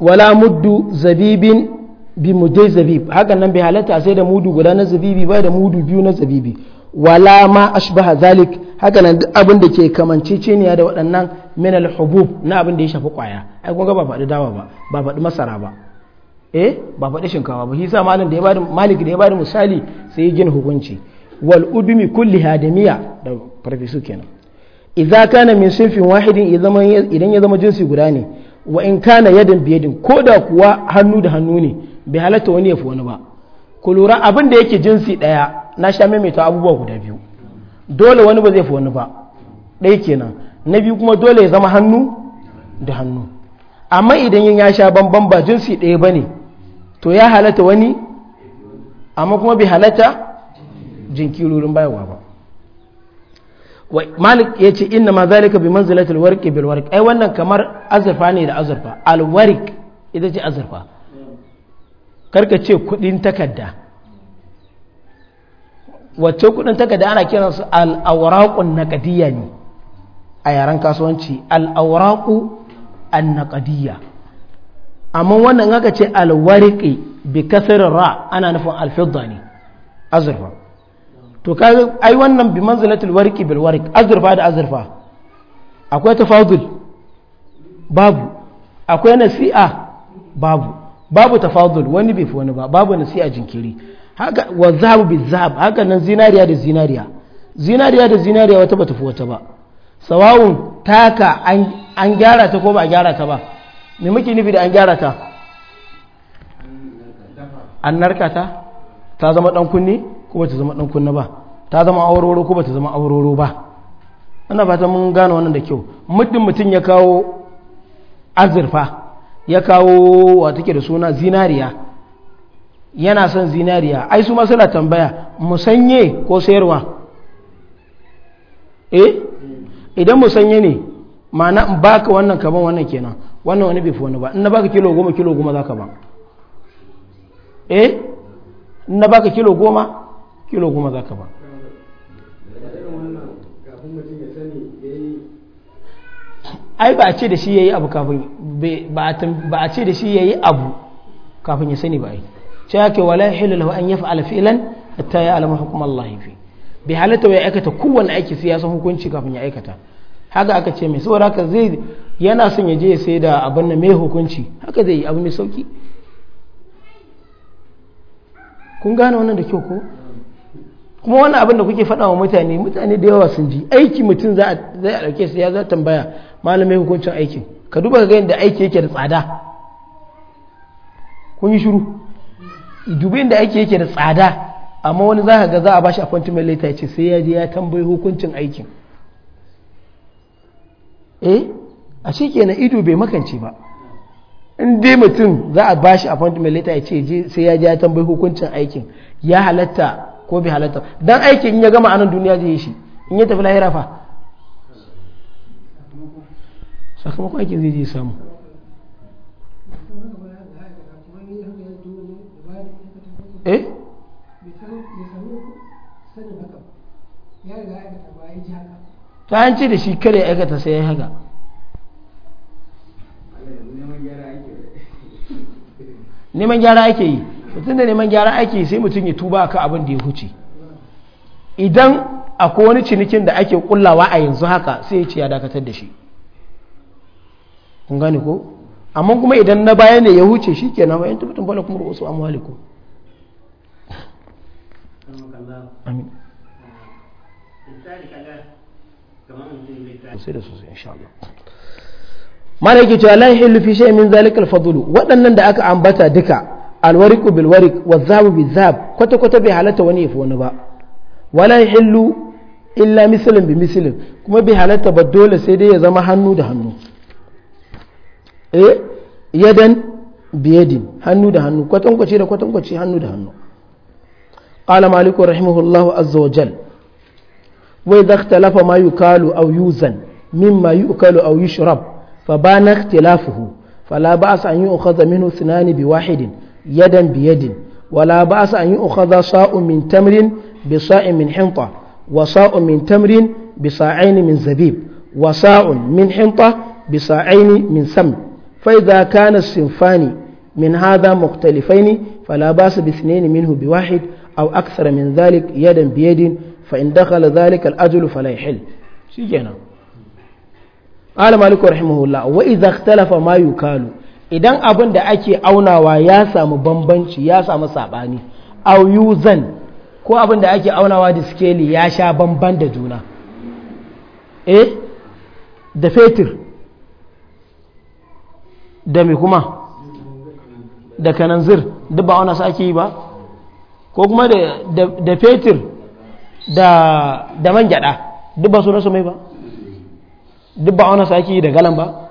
wala muddu zabibin bi mudai zabib hakan nan bai halatta sai da mudu guda na zabibi ba da mudu biyu na zabibi wala ma ashbaha zalik haka nan duk abin da ke kamanceceniya da waɗannan min al-hubub na abin da ya shafi kwaya ai kun ga ba faɗi dawa ba ba faɗi masara ba eh ba faɗi shinkawa ba hisa malin da ya bada malik da ya bada misali sai yin hukunci wal udumi kulli hadamiya da farfesu kenan idza kana min sinfin wahidin idan ya zama jinsi guda ne wa in kana yadan biyadin ko da kuwa hannu da hannu ne bai halatta wani ya fi wani ba ku lura abin da yake jinsi ɗaya na sha maimaita abubuwa guda biyu dole wani ba zai fi wani ba ɗaya kenan na biyu kuma dole ya zama hannu da hannu amma idan yin ya sha bambam ba jinsi ɗaya ba ne to ya halatta wani amma kuma bai halatta jinkirorin bayarwa ba malik ya ce inna ma zalika bi manzilatil warqi bil warq ai wannan kamar azurfa ne da azurfa alwarik ita ce azurfa karka ce kudin takarda wacce kudin takarda ana kiran su al na naqdiyya ne a yaren kasuwanci al awraqu an naqdiyya amma wannan haka ce al bi kasar ra ana nufin al fidda ne azurfa to kai ai wannan bi manzilatul warqi bil warq azurfa da azurfa akwai tafadul babu akwai nasi'a babu babu tafadul wani bai fi wani ba babu nasi'a jinkiri haka wa zahabu bi zahab haka nan zinariya da zinariya zinariya da zinariya wata bata fi wata ba sawawun taka an gyara ta ko ba a gyara ta ba me muke nufi da an gyara ta an narka ta ta zama dan kunni ko ba ta zama ɗan kunna ba ta zama auroro ko ba ta zama auroro ba ina fata mun gane wannan da kyau muddin mutum ya kawo azurfa ya kawo wa take da suna zinariya yana son zinariya ai su ma suna tambaya musanye ko sayarwa eh idan musanye ne ma'ana in baka wannan kaman wannan kenan wannan wani bifo wani ba in na baka kilo goma kilo goma za ka ba eh in na baka kilo goma kilo goma za ka ba ai ba a ce da shi ya yi abu kafin ba a ce da shi ya yi abu kafin ya sani ba yi ce ya ke wala hilu lahu an yafa alfilan ta yi alama hukumar lahifi bai halatta ya aikata kowane aiki sai ya san hukunci kafin ya aikata haka aka ce mai saboda haka zai yana son ya je ya sai da abin na mai hukunci haka zai yi abu mai sauki kun gane wannan da kyau ko kuma wani abin da kuke faɗa wa mutane mutane da yawa sun ji aiki mutum za a ɗauke su ya za tambaya malamai hukuncin aikin ka duba ka ga yadda aiki yake da tsada kun yi shiru Duba yadda aiki yake da tsada amma wani za ka ga za a bashi appointment later ya ce sai ya je ya tambayi hukuncin aikin eh a shi kenan ido bai makance ba in dai mutum za a bashi appointment later ya ce sai ya je ya tambayi hukuncin aikin ya halatta ko bi halatta dan aiki in ya gama anan duniya zai yi shi in ya tafi lahira fa sakamakon aikin zai je samu eh ta an ce da shi kare aikata sai ya yi haka neman gyara ake yi mutum da neman gyaran aiki sai mutum ya tuba ka abin da ya huce idan akwai wani cinikin da ake kullawa a yanzu haka sai ya ce ya dakatar da shi kun gani ko amma kuma idan na baya ne ya huce shi ke nan bayan tubutun bala kuma rubutu amma haliko amin da yake cewa lahi yahillu fi shay'in min zalikar fadulu waɗannan da aka ambata duka alwariku bilwarik wa zabu bi zab kwata kwata bai halarta wani ya fi wani ba wala hillu illa misalin bi misalin kuma bai halarta ba dole sai dai ya zama hannu da hannu eh yadan biyadin hannu da hannu kwatankwace da kwatankwace hannu da hannu qala maliku rahimahullahu azza wa jal wa idha ikhtalafa ma yukalu aw yuzan mimma yukalu aw yushrab fa bana ikhtilafuhu fala ba'sa an yu'khadha min thnan bi wahidin يدا بيد ولا بأس أن يؤخذ صاء من تمر بصاء من حنطة وصاء من تمر بصاعين من زبيب وصاء من حنطة بصاعين من سم فإذا كان الصنفان من هذا مختلفين فلا بأس باثنين منه بواحد أو أكثر من ذلك يدا بيد فإن دخل ذلك الأجل فلا يحل سيجينا قال مالك رحمه الله وإذا اختلف ما يكال idan abin da ake aunawa ya samu bambanci ya samu saɓani auyuzan ko abin da ake aunawa da skeli ya sha bamban da juna eh da fetur da mai kuma da kananzir duk ba auna su ake yi ba ko kuma da fetur da man gyada duk ba su nasu mai ba duk ba auna su ake yi da galan ba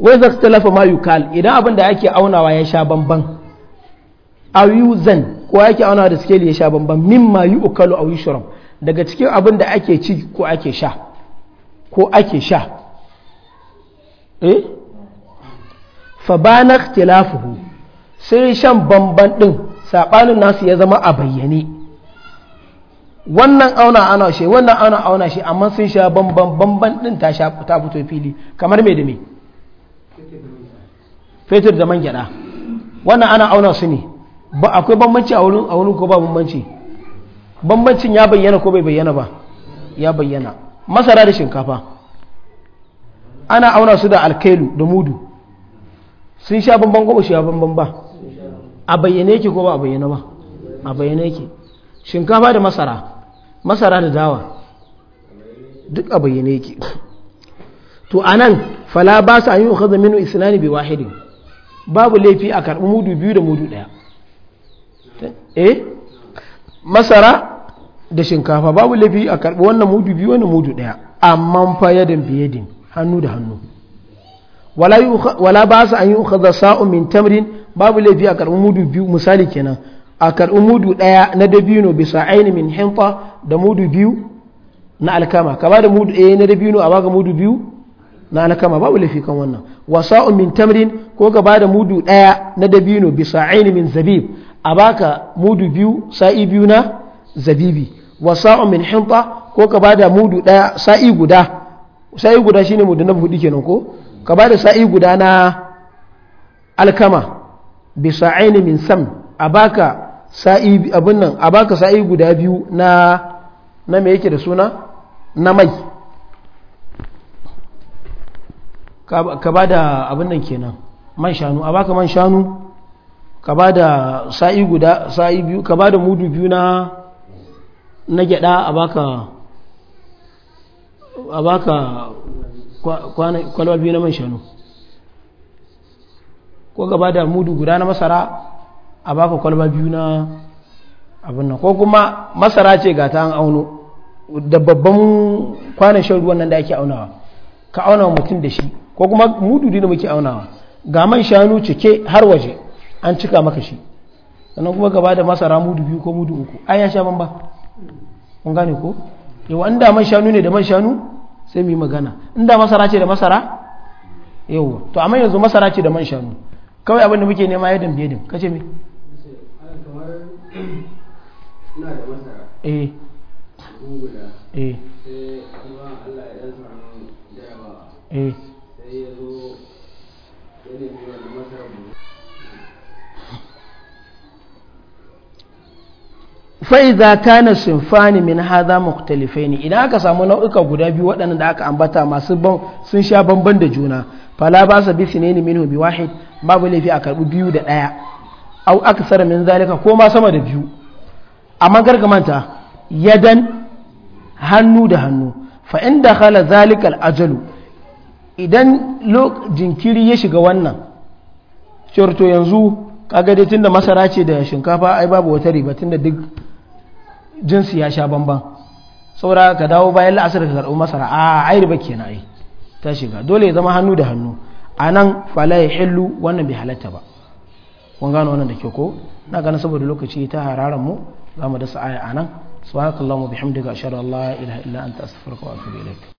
wai za lafa ma yukal idan abin da ake aunawa ya sha bamban a ko ake aunawa da sikeli ya sha bamban ma yi ukalu a wishiram daga cikin abin da ake ci ko ake sha ko ake sha eh fa bana ikhtilafuhu sai shan bamban din sabanin nasu ya zama a bayyane wannan auna ana shi wannan auna auna shi amma sun sha bamban bamban din ta fito fili kamar mai da me fetur da man gyada wannan ana auna su ne ba akwai bambanci a wurin ko ba bambanci bambancin ya bayyana ko bai bayyana ba ya bayyana masara da shinkafa ana auna su da alkailu da mudu sun sha bambam ko shi ya bambam ba a bayyane yake ko ba a bayyana ba a bayyane yake shinkafa da masara masara da dawa duk a bayyane yake to anan fala ba su an yi ukhadha minhu islani bi wahidin babu laifi a karɓi mudu biyu da mudu ɗaya eh masara da shinkafa babu laifi a karɓi wannan mudu biyu wannan mudu ɗaya amma fa yadin biyadin hannu da hannu wala ba su an yi ukhadha sa'u min tamrin babu laifi a karɓi mudu biyu misali kenan a karɓi mudu ɗaya na dabino bisa aini min hinta da mudu biyu na alkama ka ba da mudu ɗaya na dabino a baka mudu biyu na alkama babu laifi kan wannan wasa'un min tamrin ko ka bada mudu daya na dabino bi sa'aini min zabib a baka mudu biyu sa'i biyu na zabibi wasa'un min hinta ko ka bada mudu daya sa'i guda sa'i guda shine mudu na hudu kenan ko ka bada sa'i guda na alkama bi sa'aini min sam a baka sa'i abun nan a baka sa'i guda biyu na na me yake da suna na mai ka ba da abin nan kenan man shanu a baka man shanu ka ba da sa'i guda sa'i biyu ka ba da mudu biyu na na gyada a baka a baka kwalwa biyu na man shanu ko ka ba da mudu guda na masara a baka kwalba biyu na abin nan ko kuma masara ce ga ta an auno da babban kwanan shan ruwan nan da ake aunawa ka auna mutum da shi ko kuma mudu da muke aunawa ga man shanu cike har waje an cika maka shi sannan kuma gaba da masara mudu biyu ko mudu uku ai ya sha ban ba kun gane ko yau an da man shanu ne da man shanu sai mu yi magana in da masara ce da masara yau to amma yanzu masara ce da man shanu kawai abin da muke nema ya dambe din kace me ina da masara eh eh eh fa'iza na sinfani min haza mukhtalifai ne idan aka samu nau'uka guda biyu waɗannan da aka ambata masu ban sun sha bamban da juna fala ba sa bi ne minhu bi wahid babu laifi a karɓi biyu da ɗaya au tsara min zalika ko ma sama da biyu amma gargamanta yadan hannu da hannu fa da dakhala zalika ajalu idan jinkiri ya shiga wannan to yanzu kaga dai tunda masara ce da shinkafa ai babu wata riba tunda duk jinsi ya sha banban saboda ka dawo bayan la'asar ka karɓi masara a ai ke kenan ai ta shiga dole ya zama hannu da hannu a nan fala ya hillu wannan bai halatta ba kun gano wannan da ke ko na gani saboda lokaci ta hararan mu za mu dasa aya a nan subhanakallahumma bihamdika ashhadu an la ilaha illa anta astaghfiruka wa atubu ilaik